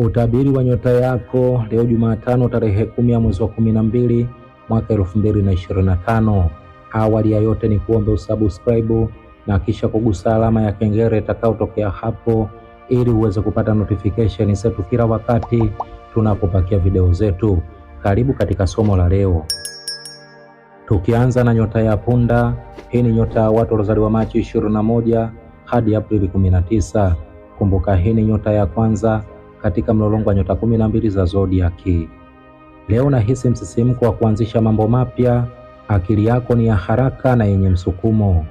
Utabiri wa nyota yako leo Jumatano tarehe kumi ya mwezi wa kumi na mbili mwaka elfu mbili na ishirini na tano. Awali ya yote ni kuombe usubscribe na kisha kugusa alama ya kengele itakayotokea hapo ili uweze kupata notification zetu kila wakati tunapopakia video zetu. Karibu katika somo la leo, tukianza na nyota ya punda. Hii ni nyota ya watu waliozaliwa Machi 21 hadi Aprili 19. Kumbuka, hii ni nyota ya kwanza katika mlolongo wa nyota kumi na mbili za zodiaki. Leo unahisi msisimko wa kuanzisha mambo mapya. Akili yako ni ya haraka na yenye msukumo.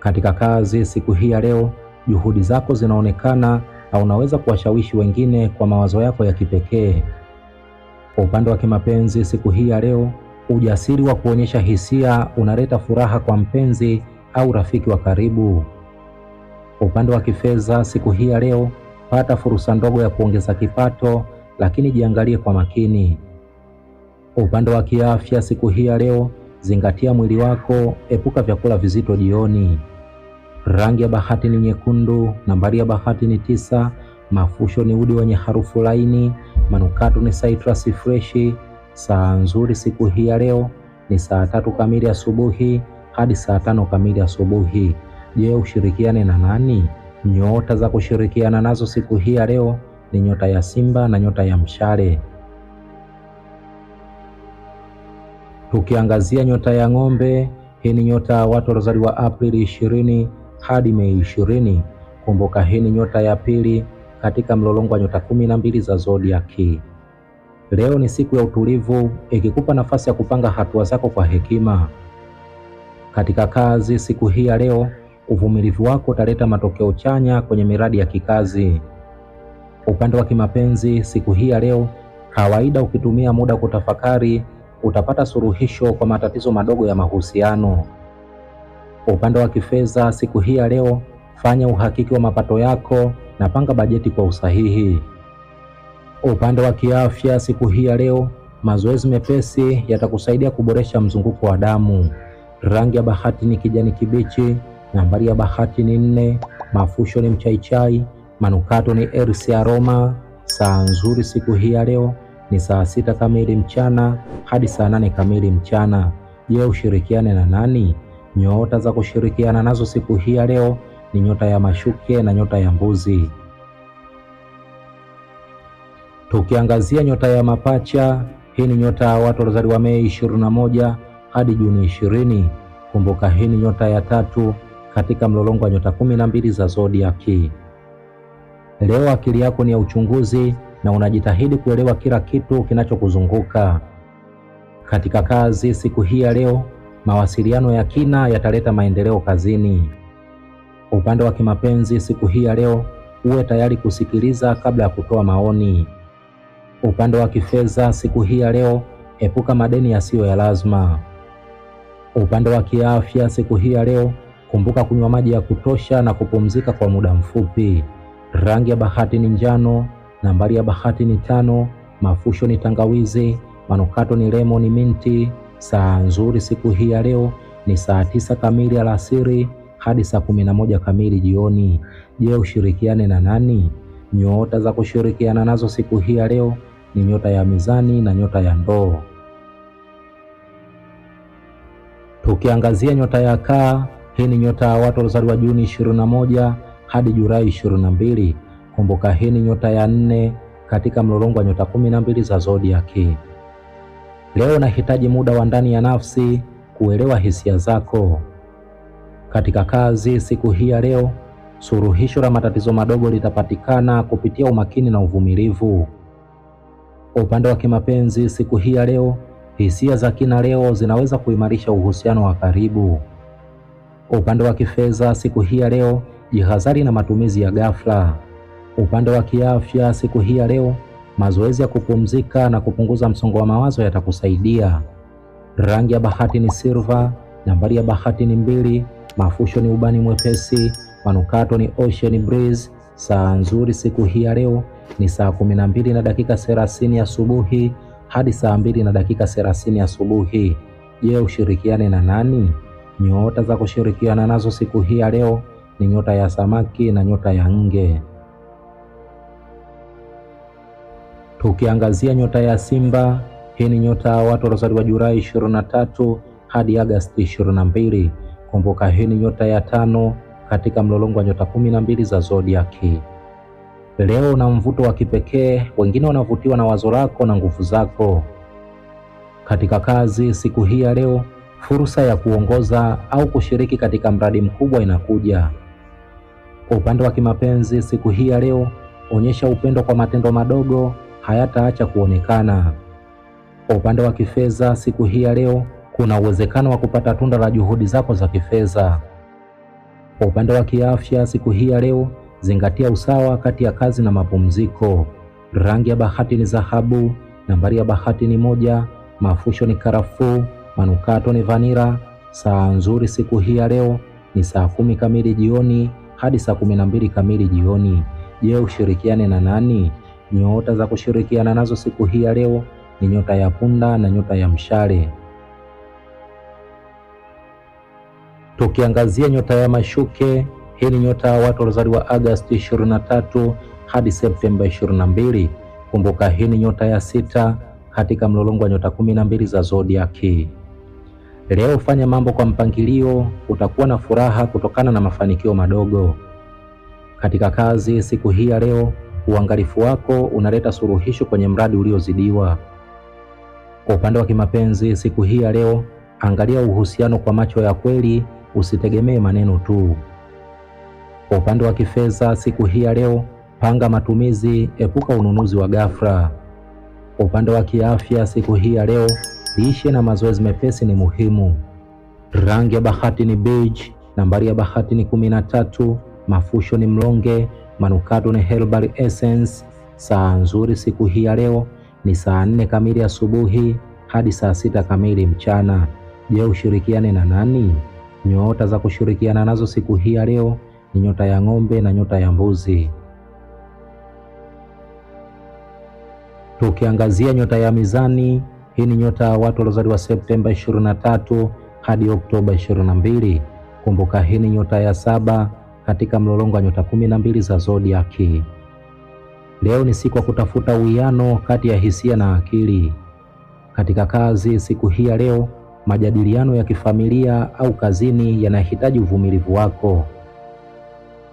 Katika kazi siku hii ya leo, juhudi zako zinaonekana na unaweza kuwashawishi wengine kwa mawazo yako ya kipekee. Kwa upande wa kimapenzi siku hii ya leo, ujasiri wa kuonyesha hisia unaleta furaha kwa mpenzi au rafiki wa karibu. Kwa upande wa kifedha siku hii ya leo, pata fursa ndogo ya kuongeza kipato, lakini jiangalie kwa makini. upande wa kiafya, siku hii ya leo, zingatia mwili wako, epuka vyakula vizito jioni. Rangi ya bahati ni nyekundu, nambari ya bahati ni tisa, mafusho ni udi wenye harufu laini, manukato ni citrus freshi. Saa nzuri siku hii ya leo ni saa tatu kamili asubuhi hadi saa tano kamili asubuhi. Je, ushirikiane na nani? Nyota za kushirikiana nazo siku hii ya leo ni nyota ya Simba na nyota ya Mshale. Tukiangazia nyota ya Ng'ombe, hii ni nyota ya watu waliozaliwa Aprili 20 hadi Mei 20. Kumbuka, hii ni nyota ya pili katika mlolongo wa nyota kumi na mbili za zodiaki. Leo ni siku ya utulivu, ikikupa nafasi ya kupanga hatua zako kwa hekima. Katika kazi siku hii ya leo, uvumilivu wako utaleta matokeo chanya kwenye miradi ya kikazi. Upande wa kimapenzi, siku hii ya leo, kawaida ukitumia muda kutafakari, utapata suluhisho kwa matatizo madogo ya mahusiano. Upande wa kifedha, siku hii ya leo, fanya uhakiki wa mapato yako na panga bajeti kwa usahihi. Upande wa kiafya, siku hii ya leo, mazoezi mepesi yatakusaidia kuboresha mzunguko wa damu. Rangi ya bahati ni kijani kibichi nambari ya bahati ni nne, mafusho ni mchaichai, manukato ni RC aroma. Saa nzuri siku hii ya leo ni saa sita kamili mchana hadi saa nane kamili mchana. Je, ushirikiane na nani? Nyota za kushirikiana nazo siku hii ya leo ni nyota ya mashuke na nyota ya mbuzi. Tukiangazia nyota ya mapacha, hii ni nyota ya watu waliozaliwa Mei 21 hadi Juni 20. Kumbuka, hii ni nyota ya tatu katika mlolongo wa nyota kumi na mbili za zodiaki. Leo akili yako ni ya uchunguzi na unajitahidi kuelewa kila kitu kinachokuzunguka. Katika kazi siku hii ya leo, mawasiliano ya kina yataleta maendeleo kazini. Upande wa kimapenzi siku hii ya leo, uwe tayari kusikiliza kabla ya kutoa maoni. Upande wa kifedha siku hii ya leo, epuka madeni yasiyo ya lazima. Upande wa kiafya siku hii ya leo, Kumbuka kunywa maji ya kutosha na kupumzika kwa muda mfupi. Rangi ya bahati ni njano, nambari ya bahati ni tano, mafusho ni tangawizi, manukato ni lemon minti. Saa nzuri siku hii ya leo ni saa tisa kamili alasiri hadi saa kumi na moja kamili jioni. Je, ushirikiane na nani? Nyota za kushirikiana nazo siku hii ya leo ni nyota ya mizani na nyota ya ndoo. Tukiangazia nyota ya kaa hii ni nyota ya watu waliozaliwa Juni 21 hadi Julai 22. Kumbuka hii ni nyota ya nne katika mlolongo wa nyota 12 za zodiaki. Leo nahitaji muda wa ndani ya nafsi kuelewa hisia zako. Katika kazi siku hii ya leo, suluhisho la matatizo madogo litapatikana kupitia umakini na uvumilivu. Upande wa kimapenzi siku hii ya leo, hisia za kina leo zinaweza kuimarisha uhusiano wa karibu upande wa kifedha siku hii ya leo, jihadhari na matumizi ya ghafla. Upande wa kiafya siku hii ya leo, mazoezi ya kupumzika na kupunguza msongo wa mawazo yatakusaidia. Rangi ya bahati ni silver, nambari ya bahati ni mbili, mafusho ni ubani mwepesi, manukato ni ocean breeze. Saa nzuri siku hii ya leo ni saa kumi na mbili na dakika thelathini asubuhi hadi saa mbili na dakika thelathini asubuhi. Je, ushirikiane na nani? Nyota za kushirikiana nazo siku hii ya leo ni nyota ya samaki na nyota ya nge. Tukiangazia nyota ya Simba, hii ni nyota ya watu waliozaliwa Julai 23 hadi Agasti 22. Kumbuka hii ni nyota ya tano katika mlolongo wa nyota kumi na mbili za zodiaki. Leo una mvuto wa kipekee, wengine wanavutiwa na wazo lako na nguvu zako. Katika kazi siku hii ya leo fursa ya kuongoza au kushiriki katika mradi mkubwa inakuja. Kwa upande wa kimapenzi, siku hii ya leo, onyesha upendo kwa matendo madogo, hayataacha kuonekana. Kwa upande wa kifedha, siku hii ya leo, kuna uwezekano wa kupata tunda la juhudi zako za kifedha. Kwa upande wa kiafya, siku hii ya leo, zingatia usawa kati ya kazi na mapumziko. Rangi ya bahati ni dhahabu. Nambari ya bahati ni moja. Mafusho ni karafuu. Manukato ni vanira. Saa nzuri siku hii ya leo ni saa kumi kamili jioni hadi saa kumi na mbili kamili jioni. Je, ushirikiane na nani? Nyota za kushirikiana nazo siku hii ya leo ni nyota ya punda na nyota ya mshale. Tukiangazia nyota ya mashuke, hii ni nyota ya watu waliozaliwa Agosti 23 hadi Septemba 22. Kumbuka, hii ni nyota ya sita katika mlolongo wa nyota 12 za zodiaki. Leo fanya mambo kwa mpangilio, utakuwa na furaha kutokana na mafanikio madogo katika kazi. Siku hii ya leo, uangalifu wako unaleta suluhisho kwenye mradi uliozidiwa. Kwa upande wa kimapenzi, siku hii ya leo, angalia uhusiano kwa macho ya kweli, usitegemee maneno tu. Kwa upande wa kifedha, siku hii ya leo, panga matumizi, epuka ununuzi wa ghafla. Kwa upande wa kiafya, siku hii ya leo Lishe na mazoezi mepesi ni muhimu. Rangi ya bahati ni beige, nambari ya bahati ni kumi na tatu, mafusho ni mlonge, manukato ni herbal essence. Saa nzuri siku hii ya leo ni saa nne kamili asubuhi hadi saa sita kamili mchana. Je, ushirikiane na nani? Nyota za kushirikiana nazo siku hii ya leo ni nyota ya ng'ombe na nyota ya mbuzi. Tukiangazia nyota ya mizani hii ni nyota ya watu waliozaliwa Septemba 23 hadi Oktoba 22. Kumbuka, hii ni nyota ya saba katika mlolongo wa nyota 12 za zodiaki. Leo ni siku ya kutafuta uwiano kati ya hisia na akili. Katika kazi siku hii ya leo, majadiliano ya kifamilia au kazini yanahitaji uvumilivu wako.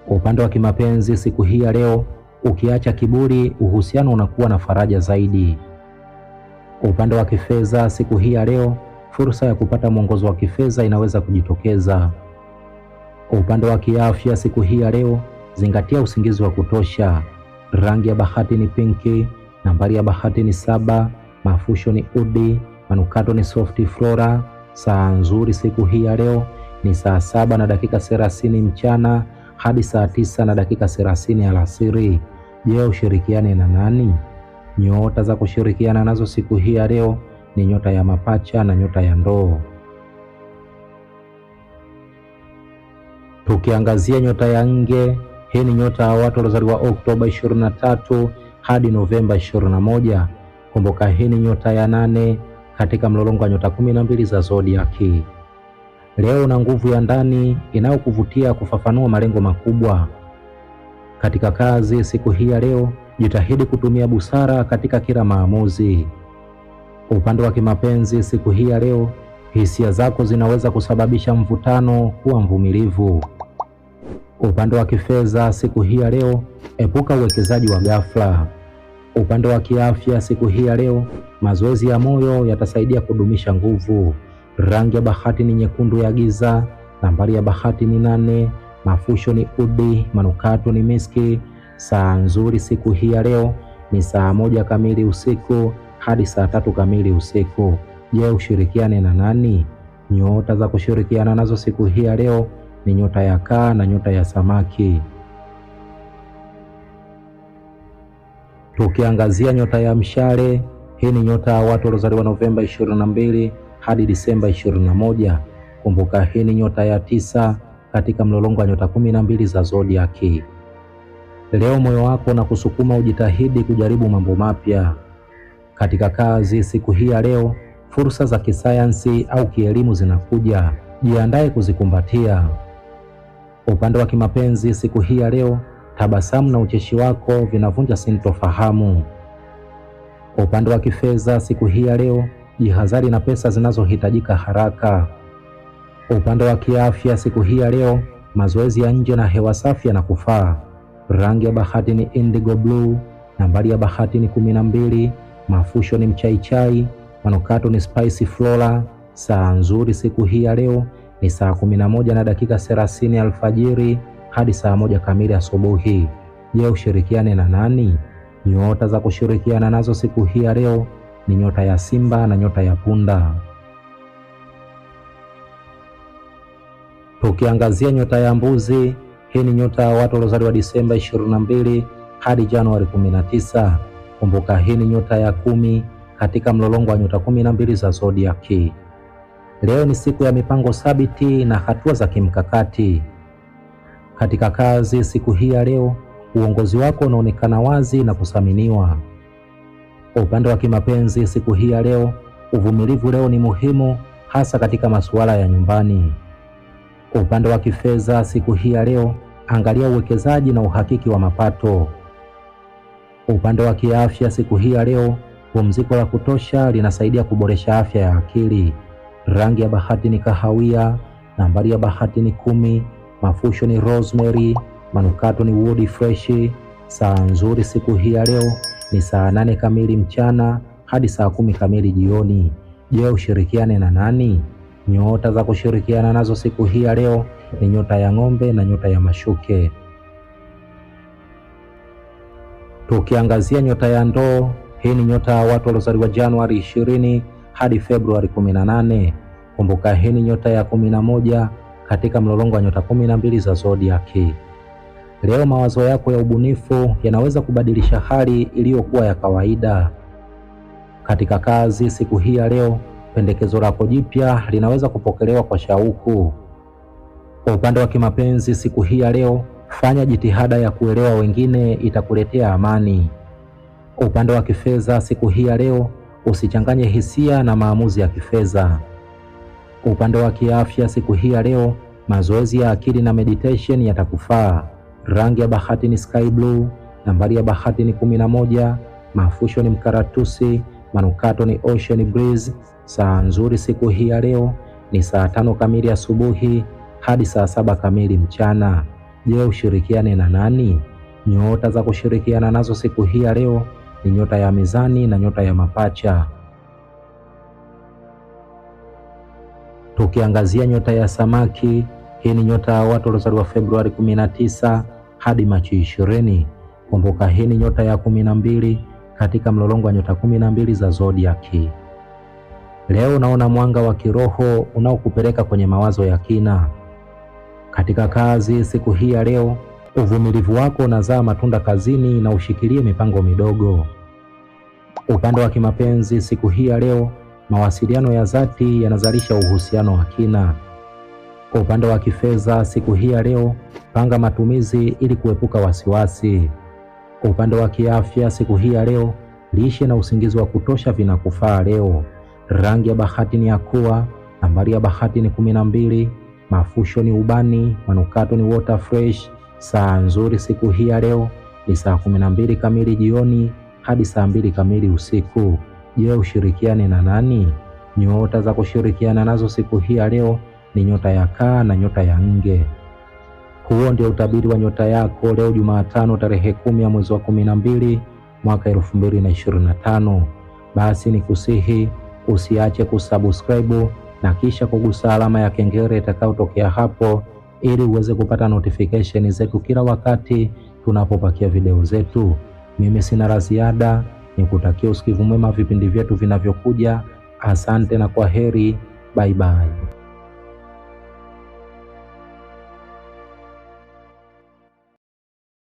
Upande wa kimapenzi siku hii ya leo, ukiacha kiburi, uhusiano unakuwa na faraja zaidi. Upande wa kifedha siku hii ya leo, fursa ya kupata mwongozo wa kifedha inaweza kujitokeza. Upande wa kiafya siku hii ya leo, zingatia usingizi wa kutosha. Rangi ya bahati ni pinki. Nambari ya bahati ni saba. Mafusho ni udi. Manukato ni soft flora. Saa nzuri siku hii ya leo ni saa saba na dakika thelathini mchana hadi saa tisa na dakika thelathini alasiri. Je, ushirikiane na nani? Nyota za kushirikiana nazo siku hii ya leo ni nyota ya mapacha na nyota ya ndoo. Tukiangazia nyota ya nge, hii ni nyota ya watu waliozaliwa Oktoba 23 hadi Novemba 21. Kumbuka hii ni nyota ya nane katika mlolongo wa nyota kumi na mbili za zodiaki. Leo una nguvu ya ndani inayokuvutia kufafanua malengo makubwa katika kazi. Siku hii ya leo Jitahidi kutumia busara katika kila maamuzi. Upande wa kimapenzi, siku hii ya leo, hisia zako zinaweza kusababisha mvutano. Kuwa mvumilivu. Upande wa kifedha, siku hii ya leo, epuka uwekezaji wa ghafla. Upande wa kiafya, siku hii ya leo, mazoezi ya moyo yatasaidia kudumisha nguvu. Rangi ya bahati ni nyekundu ya giza. Nambari ya bahati ni nane. Mafusho ni udi. Manukato ni miski. Saa nzuri siku hii ya leo ni saa moja kamili usiku hadi saa tatu kamili usiku. Je, ushirikiane na nani? Nyota za kushirikiana nazo siku hii ya leo ni nyota ya kaa na nyota ya samaki. Tukiangazia nyota ya mshale, hii ni nyota ya watu waliozaliwa Novemba 22 hadi Disemba 21. Kumbuka, hii ni nyota ya tisa katika mlolongo wa nyota kumi na mbili za zodiaki. Leo moyo wako na kusukuma ujitahidi kujaribu mambo mapya katika kazi. Siku hii ya leo, fursa za kisayansi au kielimu zinakuja, jiandae kuzikumbatia. Upande wa kimapenzi, siku hii ya leo, tabasamu na ucheshi wako vinavunja sintofahamu. Upande wa kifedha, siku hii ya leo, jihadhari na pesa zinazohitajika haraka. Upande wa kiafya, siku hii ya leo, mazoezi ya nje na hewa safi yanakufaa. Rangi ya bahati ni indigo blue. Nambari ya bahati ni kumi na mbili. Mafusho ni mchaichai. Manukato ni spicy flora. Saa nzuri siku hii ya leo ni saa kumi na dakika 30 alfajiri hadi saa moja kamili asubuhi. Je, ushirikiane na nani? Nyota za kushirikiana nazo siku hii ya leo ni nyota ya Simba na nyota ya Punda. Tukiangazia nyota ya Mbuzi, hii ni nyota ya watu waliozaliwa Disemba 22 hadi Januari 19. Kumbuka hii ni nyota ya kumi katika mlolongo wa nyota 12 za zodiaki. Leo ni siku ya mipango thabiti na hatua za kimkakati katika kazi. Siku hii ya leo, uongozi wako unaonekana wazi na kuthaminiwa. Kwa upande wa kimapenzi, siku hii ya leo, uvumilivu leo ni muhimu, hasa katika masuala ya nyumbani. Kwa upande wa kifedha, siku hii ya leo, angalia uwekezaji na uhakiki wa mapato. Upande wa kiafya siku hii ya leo, pumziko la kutosha linasaidia kuboresha afya ya akili. Rangi ya bahati ni kahawia, nambari ya bahati ni kumi, mafusho ni rosemary, manukato ni wood fresh. Saa nzuri siku hii ya leo ni saa nane kamili mchana hadi saa kumi kamili jioni. Je, ushirikiane na nani? Nyota za kushirikiana nazo siku hii ya leo ni nyota ya ng'ombe na nyota ya mashuke. Tukiangazia nyota ya ndoo, hii ni nyota ya watu waliozaliwa Januari 20 hadi Februari 18. Kumbuka hii ni nyota ya 11 katika mlolongo wa nyota 12 za zodiaki. Leo mawazo yako ya ubunifu yanaweza kubadilisha hali iliyokuwa ya kawaida. Katika kazi siku hii ya leo, pendekezo lako jipya linaweza kupokelewa kwa shauku. Kwa upande wa kimapenzi, siku hii ya leo, fanya jitihada ya kuelewa wengine, itakuletea amani. Upande wa kifedha, siku hii ya leo, usichanganye hisia na maamuzi ya kifedha. Upande wa kiafya, siku hii ya leo, mazoezi ya akili na meditation yatakufaa. Rangi ya bahati ni sky blue. Nambari ya bahati ni kumi na moja. Mafusho ni mkaratusi. Manukato ni ocean breeze. Saa nzuri siku hii ya leo ni saa tano kamili asubuhi hadi saa saba kamili mchana. Je, ushirikiane na nani? Nyota za kushirikiana nazo siku hii ya leo ni nyota ya mizani na nyota ya mapacha. Tukiangazia nyota ya samaki, hii ni nyota ya watu waliozaliwa Februari 19 hadi Machi 20. Kumbuka, hii ni nyota ya 12 katika mlolongo wa nyota 12 za zodiaki. Leo unaona mwanga wa kiroho unaokupeleka kwenye mawazo ya kina katika kazi siku hii ya leo. Uvumilivu wako unazaa matunda kazini na ushikilie mipango midogo. Upande wa kimapenzi siku hii ya leo, mawasiliano ya dhati yanazalisha uhusiano wa kina. Upande wa kifedha siku hii ya leo, panga matumizi ili kuepuka wasiwasi. Upande wa kiafya siku hii ya leo, lishe na usingizi wa kutosha vinakufaa leo. Rangi ya bahati ni ya kuwa, nambari ya bahati ni kumi na mbili. Mafusho ni ubani, manukato ni water fresh. Saa nzuri siku hii ya leo ni saa kumi na mbili kamili jioni hadi saa mbili kamili usiku. Je, ushirikiane na nani? Nyota za kushirikiana nazo siku hii ya leo ni nyota ya kaa na nyota ya nge. Huo ndio utabiri wa nyota yako leo Jumatano tarehe kumi ya mwezi wa kumi na mbili mwaka elfu mbili na ishirini na tano. Basi ni kusihi usiache kusubscribe na kisha kugusa alama ya kengele itakayotokea hapo, ili uweze kupata notification zetu kila wakati tunapopakia video zetu. Mimi sina la ziada, nikutakia usikivu mwema vipindi vyetu vinavyokuja. Asante na kwa heri, bye bye.